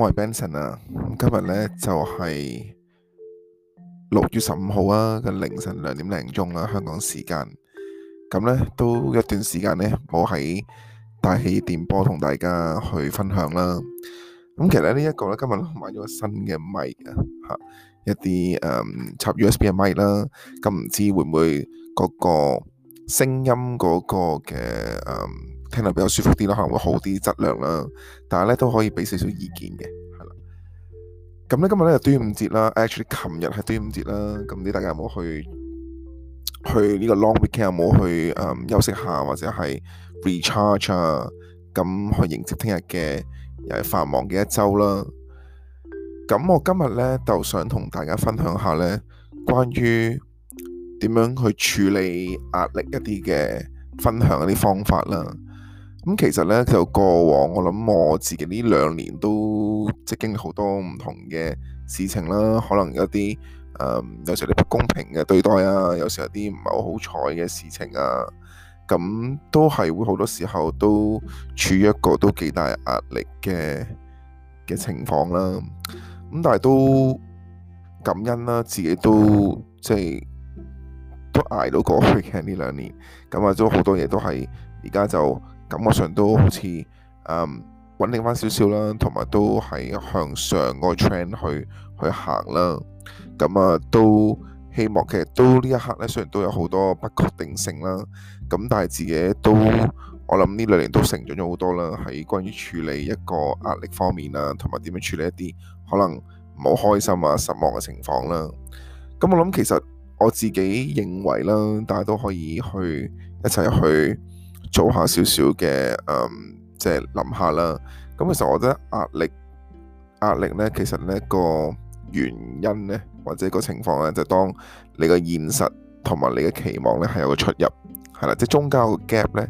我係 Benson 啊，咁今日咧，就係六月十五號啊嘅凌晨兩點零鐘啦，香港時間。咁咧，都一段時間咧，我喺帶起電波同大家去分享啦。咁其實咧，呢一個咧，今日買咗新嘅麥啊，吓一啲誒插 USB 嘅麥啦。咁唔知會唔會嗰個聲音嗰個嘅誒？聽落比較舒服啲咯，可能會好啲質量啦。但係咧都可以俾少少意見嘅，係啦。咁咧今日咧就端午節啦，actually 琴日係端午節啦。咁咧大家有冇去去呢個 long weekend 有冇去誒、呃、休息下或者係 recharge 啊？咁去迎接聽日嘅又係繁忙嘅一周啦。咁我今日咧就想同大家分享下咧，關於點樣去處理壓力一啲嘅分享一啲方法啦。咁其實呢，就過往我諗我自己呢兩年都即係經歷好多唔同嘅事情啦。可能有啲、呃、有時候啲不公平嘅對待啊，有時候啲唔係好好彩嘅事情啊，咁都係會好多時候都處於一個都幾大壓力嘅嘅情況啦。咁但係都感恩啦，自己都即係、就是、都捱到過去嘅呢兩年。咁啊，都好多嘢都係而家就。感覺上都好似誒、嗯、穩定翻少少啦，同埋都係向上個 trend 去去行啦。咁啊，都希望其實都呢一刻咧，雖然都有好多不確定性啦，咁但係自己都我諗呢兩年都成長咗好多啦，喺關於處理一個壓力方面啊，同埋點樣處理一啲可能唔好開心啊、失望嘅情況啦。咁我諗其實我自己認為啦，大家都可以去一齊去。做下少少嘅誒，即係諗下啦。咁、嗯、其實我覺得壓力壓力咧，其實呢個原因咧，或者個情況咧，就是、當你個現實同埋你嘅期望咧，係有個出入，係啦，即、就、係、是、中間個 gap 咧，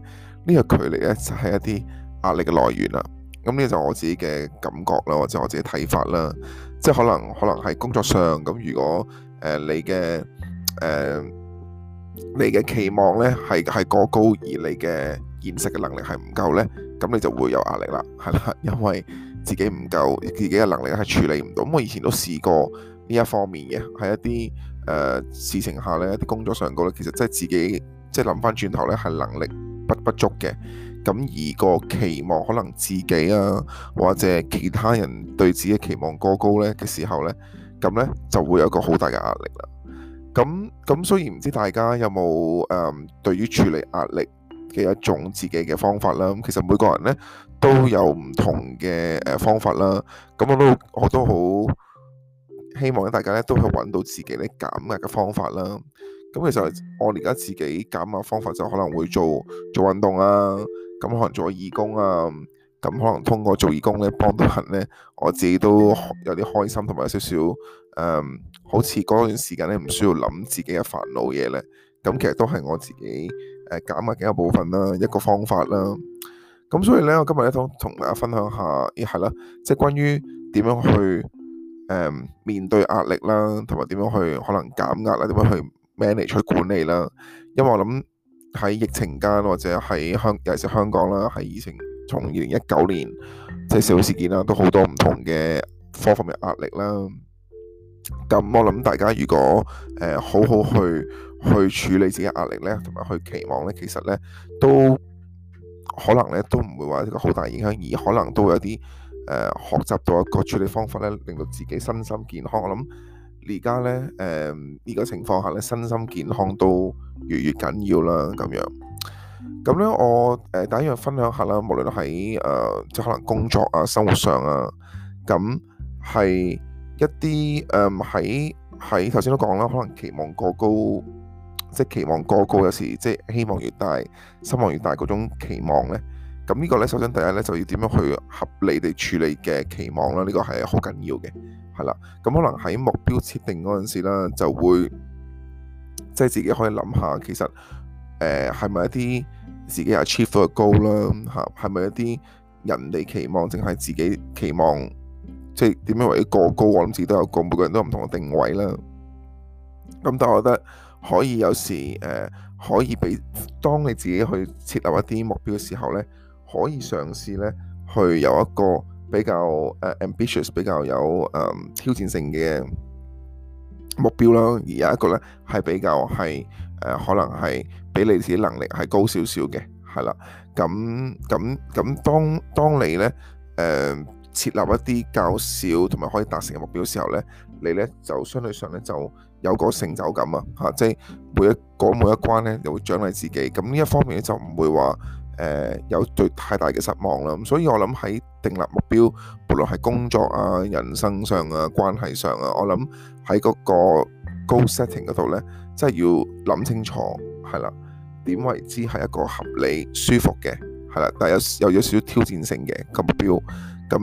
呢、這個距離咧，就係、是、一啲壓力嘅來源啦。咁呢就我自己嘅感覺啦，或者我自己睇法啦，即係可能可能係工作上咁，如果誒、呃、你嘅誒。呃你嘅期望呢係係過高，而你嘅現實嘅能力係唔夠呢，咁你就會有壓力啦，係啦，因為自己唔夠，自己嘅能力係處理唔到。咁我以前都試過呢一方面嘅，喺一啲誒、呃、事情下呢，一啲工作上高呢，其實真係自己即係諗翻轉頭呢，係能力不不足嘅。咁而那個期望可能自己啊，或者其他人對自己嘅期望過高呢嘅時候呢，咁呢就會有一個好大嘅壓力啦。咁咁，雖然唔知大家有冇誒、嗯、對於處理壓力嘅一種自己嘅方法啦，咁其實每個人咧都有唔同嘅誒方法啦。咁我都我都好希望大家咧都可以揾到自己咧減壓嘅方法啦。咁其實我而家自己減壓方法就可能會做做運動啊，咁可能做義工啊，咁可能通過做義工咧幫到人咧，我自己都有啲開心同埋有少少。誒、um，好似嗰段時間咧，唔需要諗自己嘅煩惱嘢咧，咁其實都係我自己誒減壓嘅一部分啦，一個方法啦。咁所以咧，我今日咧想同大家分享下，係啦，即係關於點樣去誒、嗯、面對壓力啦，同埋點樣去可能減壓啦，點樣去 manage 去管理啦。因為我諗喺疫情間或者喺香尤其是香港啦，喺疫情從二零一九年即係社會事件啦，都好多唔同嘅科方嘅壓力啦。咁我諗大家如果誒、呃、好好去去處理自己壓力呢，同埋去期望呢，其實呢都可能呢都唔會話一個好大影響，而可能都有啲誒、呃、學習到一個處理方法呢，令到自己身心健康。我諗而家呢，誒呢個情況下呢，身心健康都越越緊要啦，咁樣。咁呢，我誒第一樣分享下啦，無論喺誒即可能工作啊、生活上啊，咁係。一啲誒喺喺頭先都講啦，可能期望過高，即係期望過高，有時即係希望越大、失望越大嗰種期望咧。咁呢個咧，首先第一咧就要點樣去合理地處理嘅期望啦。呢個係好緊要嘅，係啦。咁可能喺目標設定嗰陣時啦，就會即係自己可以諗下，其實誒係咪一啲自己 achieve 嘅 goal 啦？嚇係咪一啲人哋期望，淨係自己期望？即係點樣為之過高？我諗自己都有個，每個人都有唔同嘅定位啦。咁但我覺得可以有時誒、呃，可以俾當你自己去設立一啲目標嘅時候呢，可以嘗試呢去有一個比較誒 ambitious、比較有、嗯、挑戰性嘅目標咯。而有一個呢係比較係誒、呃，可能係比你自己能力係高少少嘅，係啦。咁咁咁，當當你呢。誒、呃。設立一啲較少同埋可以達成嘅目標嘅時候呢，你呢就相對上呢就有個成就感啊！嚇，即係每一過每一關呢，又會獎勵自己，咁呢一方面呢，就唔會話誒有對太大嘅失望啦。咁所以我諗喺定立目標，無論係工作啊、人生上啊、關係上啊，我諗喺嗰個 goal setting 嗰度呢，即係要諗清楚係啦，點為之係一個合理舒服嘅係啦，但係有又有，有少少挑戰性嘅個目標。咁，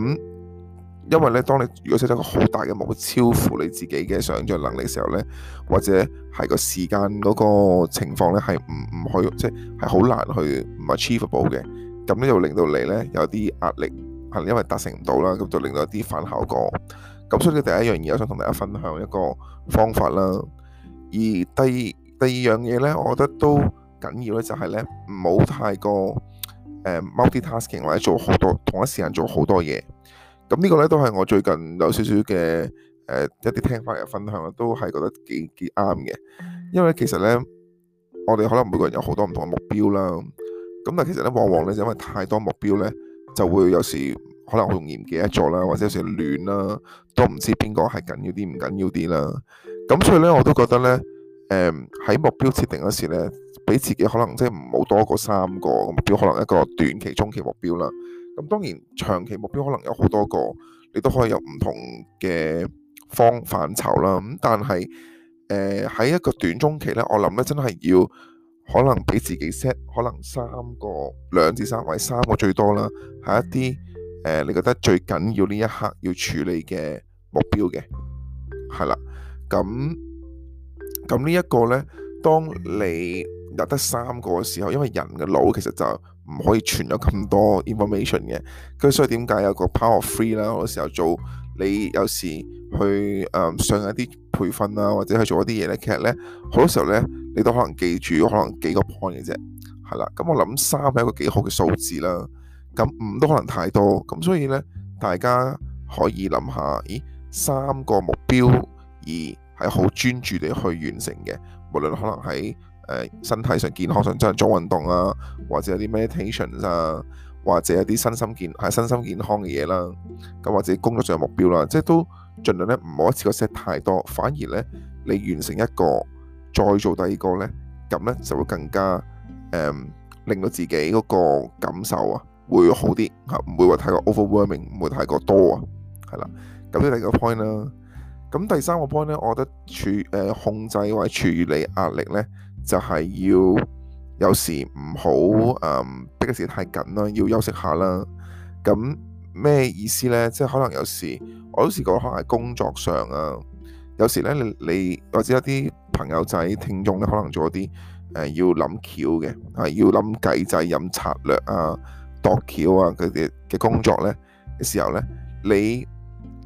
因為咧，當你如果 set 咗個好大嘅目標，超乎你自己嘅想象能力嘅時候咧，或者係個時間嗰個情況咧，係唔唔可以，即係係好難去唔係 achievable 嘅。咁呢度令到你咧有啲壓力，係因為達成唔到啦。咁就令到有啲反效果。咁所以第一樣嘢，我想同大家分享一個方法啦。而第二第二樣嘢咧，我覺得都緊要咧，就係咧唔好太過。誒、um, multitasking 或者做好多同一時間做好多嘢，咁呢個咧都係我最近有少少嘅誒一啲聽法嘅分享，都係覺得幾幾啱嘅。因為其實咧，我哋可能每個人有好多唔同嘅目標啦，咁但其實咧，往往咧就因為太多目標咧，就會有時可能好容易唔記得咗啦，或者有時亂啦，都唔知邊個係緊要啲唔緊要啲啦。咁所以咧，我都覺得咧，誒、嗯、喺目標設定嗰時咧。俾自己可能即係唔好多過三個目標，可能一個短期、中期目標啦。咁當然長期目標可能有好多個，你都可以有唔同嘅方範疇啦。咁但係誒喺一個短中期呢，我諗呢真係要可能俾自己 set 可能三個兩至三個，三個最多啦，係一啲誒、呃、你覺得最緊要呢一刻要處理嘅目標嘅係啦。咁咁呢一個呢，當你又得三個嘅時候，因為人嘅腦其實就唔可以存咗咁多 information 嘅，咁所以點解有個 power three 啦？好多時候做你有時去誒、呃、上一啲培訓啊，或者去做一啲嘢呢。其實呢，好多時候呢，你都可能記住可能幾個 point 嘅啫，係啦。咁我諗三係一個幾好嘅數字啦，咁五都可能太多，咁所以呢，大家可以諗下，咦三個目標而係好專注地去完成嘅，無論可能喺～誒身體上、健康上真係做運動啊，或者有啲 meditation 啊，或者有啲身心健係身心健康嘅嘢啦。咁或者工作上嘅目標啦、啊，即係都儘量咧唔好一次過 set 太多，反而咧你完成一個再做第二個咧，咁咧就會更加誒、嗯、令到自己嗰個感受啊會好啲嚇，唔、啊、會話太過 overwhelming，唔會太過多啊，係啦。咁呢兩個 point 啦、啊，咁第三個 point 咧，我覺得處誒、呃、控制或者處理壓力咧。就係、是、要有時唔好誒逼嘅時太緊啦，要休息下啦。咁咩意思呢？即係可能有時我都試過可能係工作上啊，有時呢，你你或者一啲朋友仔聽眾呢，可能做一啲誒要諗橋嘅啊，要諗計仔、飲、就是、策略啊、度橋啊，佢哋嘅工作呢，嘅時候呢，你，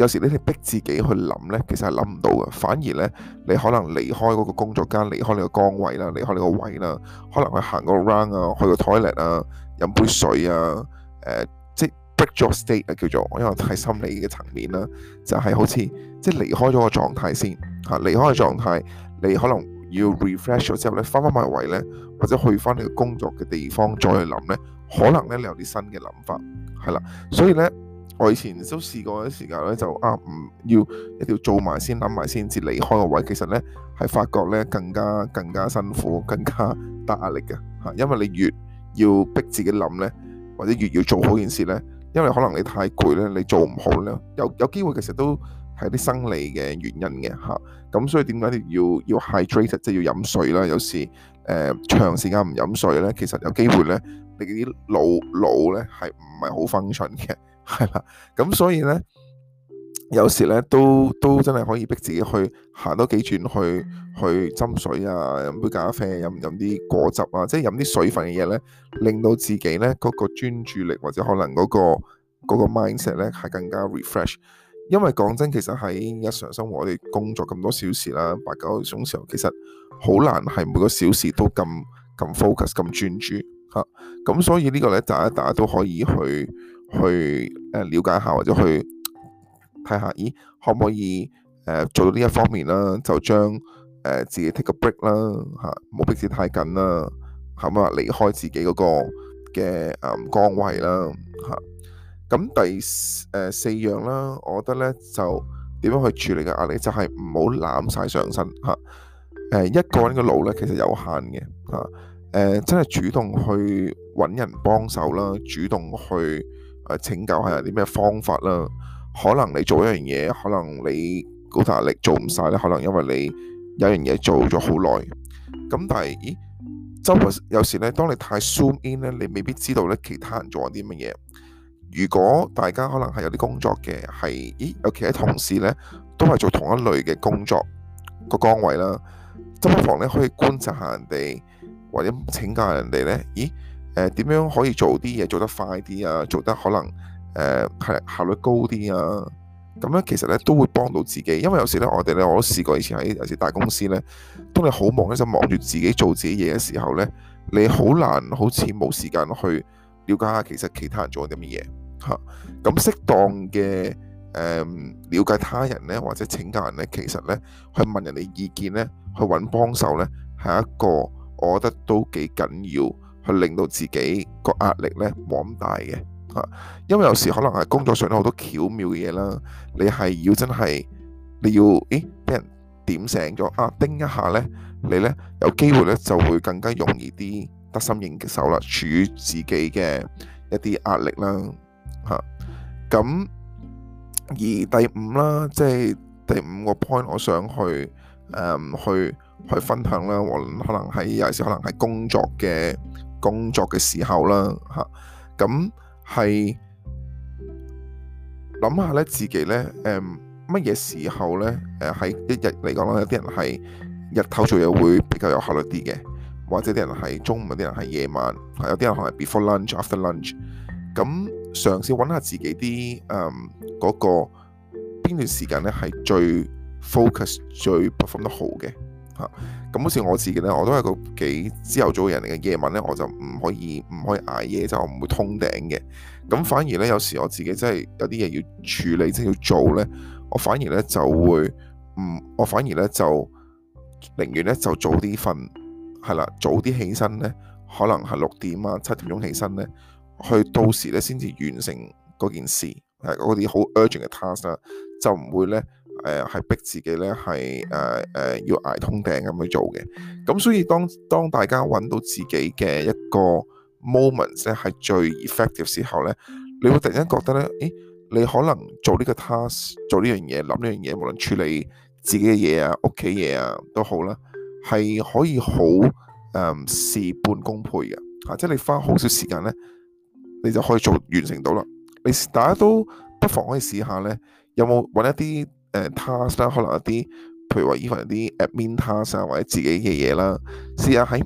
有時你哋逼自己去諗咧，其實係諗唔到嘅。反而咧，你可能離開嗰個工作間，離開你個崗位啦，離開你個位啦，可能去行個 round 啊，去個 toilet 啊，飲杯水啊，誒，即係 break your state 啊，叫做，因為係心理嘅層面啦，就係好似即係離開咗個狀態先嚇，離開個狀態，你可能要 refresh 咗之後咧，返返埋位咧，或者去返你個工作嘅地方再去諗咧，可能咧你有啲新嘅諗法，係啦，所以咧。我以前都試過啲時間咧，就啊唔要一定要做埋先，諗埋先至離開個位。其實咧係發覺咧更加更加辛苦，更加大壓力嘅嚇。因為你越要逼自己諗咧，或者越要做好件事咧，因為可能你太攰咧，你做唔好咧，有有機會其實都係啲生理嘅原因嘅嚇。咁所以點解你要要 hydrate，即係要飲水啦？有時誒長時間唔飲水咧，其實有機會咧，你啲腦腦咧係唔係好 function 嘅？係啦，咁所以咧，有時咧都都真係可以逼自己去行多幾轉，去去斟水啊，飲杯咖啡，飲飲啲果汁啊，即係飲啲水分嘅嘢咧，令到自己咧嗰個專注力或者可能嗰個嗰個 mindset 咧係更加 refresh。因為講真，其實喺日常生活我哋工作咁多小時啦，八九個鐘時候，其實好難係每個小時都咁咁 focus 咁專注嚇。咁所以呢個咧，大家大家都可以去。去誒，了解下或者去睇下，咦，可唔可以誒、呃、做到呢一方面啦？就將誒、呃、自己 take a break 啦、啊，吓，唔好逼自己太緊啦，後啊，離開自己嗰個嘅誒崗位啦，吓、啊，咁第誒四樣啦，我覺得咧就點樣去處理嘅壓力，就係唔好攬晒上身吓誒、啊呃、一個人嘅腦咧其實有限嘅，吓、啊、誒、呃，真係主動去。揾人幫手啦，主動去誒請教下啲咩方法啦。可能你做一樣嘢，可能你嗰啲壓力做唔晒，呢可能因為你有樣嘢做咗好耐。咁但係，咦？周伯有時呢，當你太 zoom in 呢，你未必知道呢其他人做緊啲乜嘢。如果大家可能係有啲工作嘅，係咦？尤其係同事呢，都係做同一類嘅工作個崗位啦，不妨呢可以觀察下人哋，或者請教下人哋呢。咦？誒、呃、點樣可以做啲嘢做得快啲啊？做得可能誒、呃、效率高啲啊？咁咧其實咧都會幫到自己，因為有時咧我哋咧我都試過以前喺有時大公司咧，當你好忙咧就忙住自己做自己嘢嘅時候咧，你難好難好似冇時間去了解下其實其他人做緊啲乜嘢嚇。咁適當嘅誒、呃、了解他人咧，或者請教人咧，其實咧去問人哋意見咧，去揾幫手咧，係一個我覺得都幾緊要。去令到自己個壓力呢，冇咁大嘅嚇，因為有時可能係工作上好多巧妙嘅嘢啦，你係要真係你要，誒、欸，俾人點醒咗啊，叮一下呢，你呢，有機會呢，就會更加容易啲得心應手啦，處自己嘅一啲壓力啦嚇。咁、啊、而第五啦，即、就、係、是、第五個 point，我想去、嗯、去去分享啦，我可能喺有時可能係工作嘅。工作嘅時候啦，嚇，咁係諗下咧，自己咧，誒，乜嘢時候咧，誒，喺一日嚟講啦，有啲人係日頭做嘢會比較有效率啲嘅，或者啲人係中午，啲人係夜晚，係有啲人可能 before lunch after lunch，咁嘗試揾下自己啲誒嗰個邊段時間咧係最 focus 最 perform 得好嘅。吓、嗯，咁好似我自己咧，我都係個幾朝頭早人嚟嘅，夜晚咧我就唔可以唔可以捱夜，即係我唔會通頂嘅。咁、嗯、反而咧，有時我自己真係有啲嘢要處理，即、就、係、是、要做咧，我反而咧就會唔，我反而咧就寧願咧就早啲瞓，係啦，早啲起身咧，可能係六點啊七點鐘起身咧，去到時咧先至完成嗰件事，係嗰啲好 urgent 嘅 task 啦，就唔會咧。誒、呃、係逼自己咧，係誒誒要捱通頂咁去做嘅。咁所以當當大家揾到自己嘅一個 moment 咧，係最 effective 之後咧，你會突然間覺得咧，誒你可能做呢個 task，做呢樣嘢，諗呢樣嘢，無論處理自己嘅嘢啊、屋企嘢啊都好啦，係可以好誒、呃、事半功倍嘅嚇、啊。即係你花好少時間咧，你就可以做完成到啦。你大家都不妨可以試下咧，有冇揾一啲？誒、呃、task 啦，可能有啲，譬如話 even 有啲 admin task 啊，或者自己嘅嘢啦，試下喺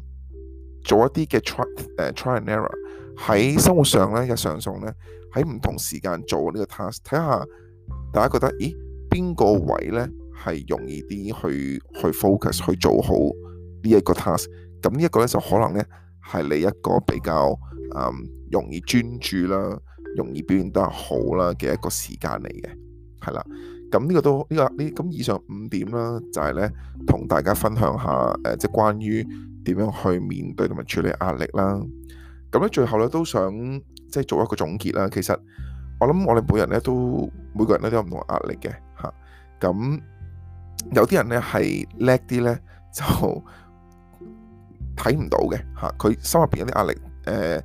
做一啲嘅 try 誒、呃、try and error 喺生活上咧，嘅上送咧，喺唔同時間做呢個 task，睇下大家覺得，咦，邊個位咧係容易啲去去 focus 去做好呢一個 task？咁呢一個咧就可能咧係你一個比較嗯容易專注啦，容易表現得好啦嘅一個時間嚟嘅，係啦。咁呢個都呢個呢咁以上五點啦，就係呢，同大家分享下誒，即係關於點樣去面對同埋處理壓力啦。咁咧最後呢，都想即係做一個總結啦。其實我諗我哋每人呢，都每個人咧都有唔同嘅壓力嘅吓。咁有啲人呢，係叻啲呢，就睇唔到嘅吓，佢心入邊有啲壓力誒，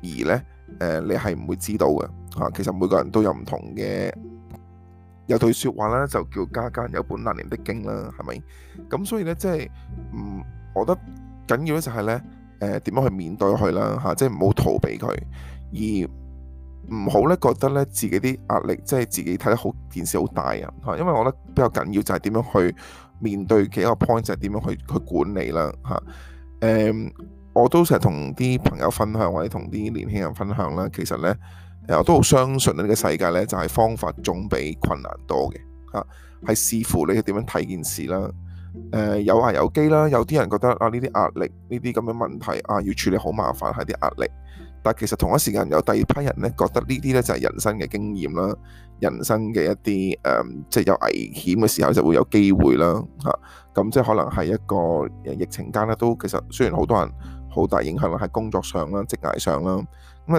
而呢，誒你係唔會知道嘅吓。其實每個人都有唔同嘅。有句説話咧，就叫家家有本難念的經啦，係咪？咁所以呢，即係唔，我覺得緊要咧就係呢，誒、呃、點樣去面對佢啦嚇，即係唔好逃避佢，而唔好呢，覺得呢自己啲壓力即係自己睇得好件事好大啊嚇，因為我覺得比較緊要就係點樣去面對幾個 point，就係點樣去去管理啦嚇。誒、啊呃，我都成日同啲朋友分享，或者同啲年輕人分享啦，其實呢。誒，我都好相信呢個世界呢，就係方法總比困難多嘅嚇，係視乎你點樣睇件事啦。誒、呃，有危有機啦，有啲人覺得啊，呢啲壓力，呢啲咁嘅問題啊，要處理好麻煩係啲壓力。但其實同一時間有第二批人呢，覺得呢啲呢就係人生嘅經驗啦，人生嘅一啲誒、呃，即係有危險嘅時候就會有機會啦嚇。咁、啊、即係可能係一個疫情間呢，都其實雖然好多人好大影響喺工作上啦、職涯上啦。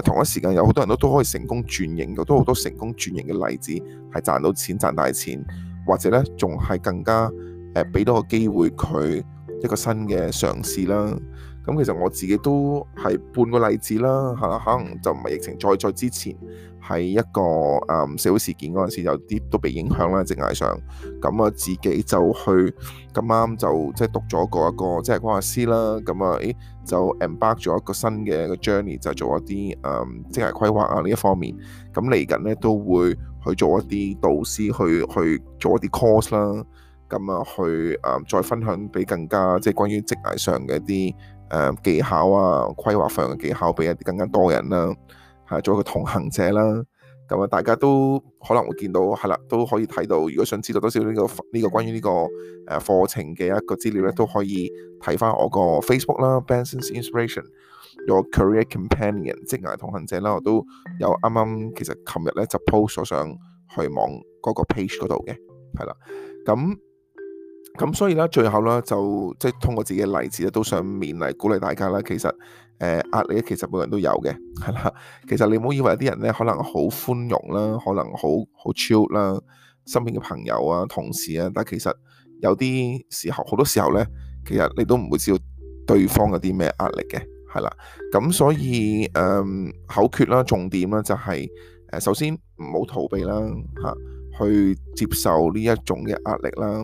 同一時間有好多人都可以成功轉型，有好多成功轉型嘅例子係賺到錢、賺大錢，或者咧仲係更加畀多個機會佢一個新嘅嘗試啦。咁其實我自己都係半個例子啦嚇，可能就唔係疫情再再之前喺一個誒社會事件嗰陣時，有啲都被影響啦職涯上。咁啊，自己就去咁啱就即係讀咗個一個職涯規劃師啦。咁啊，誒就 embark 咗一個新嘅一個 journey 就做一啲誒職涯規劃啊呢一方面。咁嚟緊咧都會去做一啲導師去去做一啲 course 啦。咁啊去誒、嗯、再分享俾更加即係關於職涯上嘅一啲。誒技巧啊，規劃費用嘅技巧俾一啲更加多人啦、啊，係作為一個同行者啦。咁、嗯、啊，大家都可能會見到，係啦，都可以睇到。如果想知道多少呢、呢個呢、呢個關於呢個誒課程嘅一個資料咧，都可以睇翻我個 Facebook 啦 ，Benson's Inspiration，Your Career Companion，職涯同行者啦。我都有啱啱其實琴日咧就 post 咗上去網嗰個 page 嗰度嘅，係啦，咁、嗯。咁所以咧，最後咧就即係、就是、通過自己嘅例子咧，都想勉勵鼓勵大家啦。其實誒、呃、壓力咧，其實每個人都有嘅，係啦。其實你唔好以為啲人咧，可能好寬容啦，可能好好 chill 啦，身邊嘅朋友啊、同事啊，但其實有啲時候好多時候咧，其實你都唔會知道對方有啲咩壓力嘅，係啦。咁所以誒、嗯、口訣啦，重點啦就係、是、首先唔好逃避啦，吓，去接受呢一種嘅壓力啦。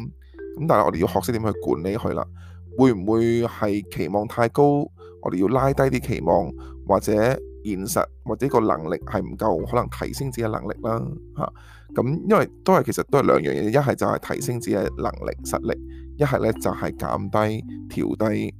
咁但係我哋要學識點去管理佢啦，會唔會係期望太高？我哋要拉低啲期望，或者現實，或者個能力係唔夠，可能提升自己嘅能力啦。吓、啊，咁因為都係其實都係兩樣嘢，一係就係提升自己嘅能力實力，一係咧就係、是、減低調低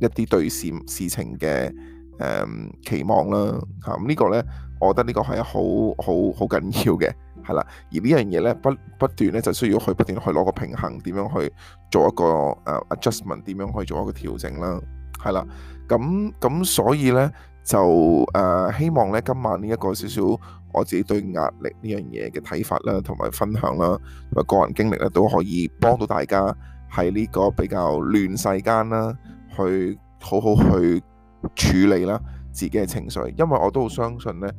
一啲對事事情嘅誒、呃、期望啦。吓、啊，咁、這個、呢個咧，我覺得呢個係好好好緊要嘅。係啦，而呢樣嘢咧不不斷咧就需要去不斷去攞個平衡，點樣去做一個誒 adjustment，點樣去做一個調整啦，係啦，咁咁所以咧就誒、呃、希望咧今晚呢一個少少我自己對壓力呢樣嘢嘅睇法啦，同埋分享啦，同埋個人經歷咧都可以幫到大家喺呢個比較亂世間啦，去好好去處理啦自己嘅情緒，因為我都好相信咧。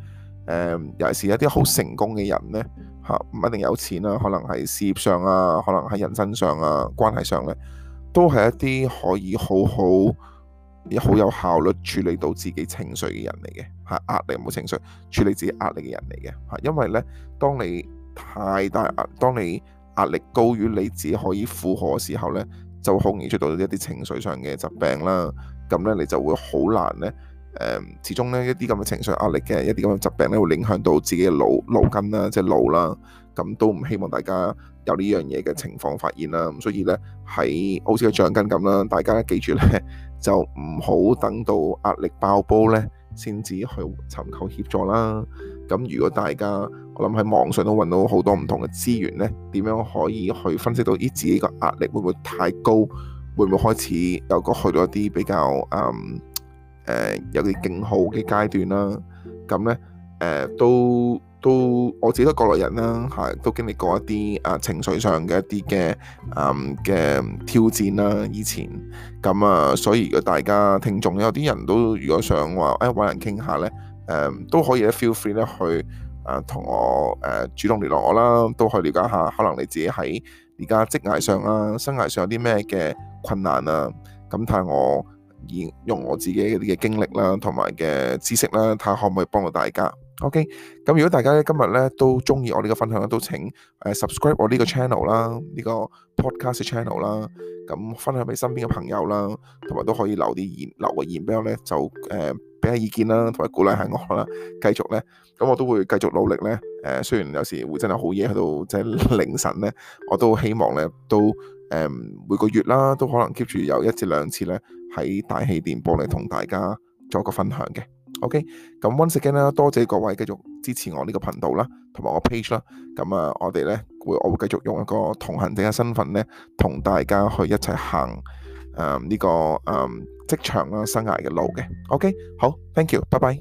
誒，尤其是一啲好成功嘅人呢，嚇唔一定有錢啦，可能係事業上啊，可能係人生上啊，關係上呢，都係一啲可以好好、好有效率處理到自己情緒嘅人嚟嘅，嚇壓力冇情緒處理自己壓力嘅人嚟嘅，嚇，因為呢，當你太大壓，當你壓力高於你自己可以負荷嘅時候呢，就好容易出到一啲情緒上嘅疾病啦，咁呢，你就會好難呢。誒，始終呢，一啲咁嘅情緒壓力嘅一啲咁嘅疾病咧，會影響到自己嘅腦腦筋啦，即係腦啦。咁都唔希望大家有呢樣嘢嘅情況發現啦。咁所以呢，喺好似個橡筋咁啦，大家咧記住呢，就唔好等到壓力爆煲呢，先至去尋求協助啦。咁如果大家，我諗喺網上都揾到好多唔同嘅資源呢，點樣可以去分析到自己個壓力會唔會太高，會唔會開始有個去到一啲比較嗯？誒、呃、有啲警號嘅階段啦、啊，咁咧誒都都我自己都係過來人啦、啊，係、啊、都經歷過一啲啊情緒上嘅一啲嘅嘅挑戰啦、啊，以前咁啊，所以如果大家聽眾有啲人都如果想話誒揾人傾下咧，誒、啊、都可以咧 feel free 咧去啊同我誒、啊、主動聯絡我啦，都可以了解下，可能你自己喺而家職涯上啊、生涯上有啲咩嘅困難啊，咁、啊、睇我，以用我自己嘅啲嘅經歷啦，同埋嘅知識啦，睇下可唔可以幫到大家。OK，咁如果大家今日咧都中意我呢個分享咧，都請誒 subscribe 我呢個 channel 啦，呢個 podcast channel 啦，咁分享俾身邊嘅朋友啦，同埋都可以留啲言，留個言俾我咧，就誒俾下意見啦，同埋鼓勵下我啦，繼續咧，咁我都會繼續努力咧。誒雖然有時會真係好夜喺度，即係凌晨咧，我都希望咧都。嗯、每個月啦，都可能 keep 住有一至兩次咧，喺大氣電波嚟同大家做一個分享嘅。OK，咁温石堅啦，多謝各位繼續支持我呢個頻道啦，同埋我 page 啦。咁啊，我哋咧會我會繼續用一個同行者嘅身份咧，同大家去一齊行誒呢、嗯這個誒職、嗯、場啦、生涯嘅路嘅。OK，好，thank you，拜拜。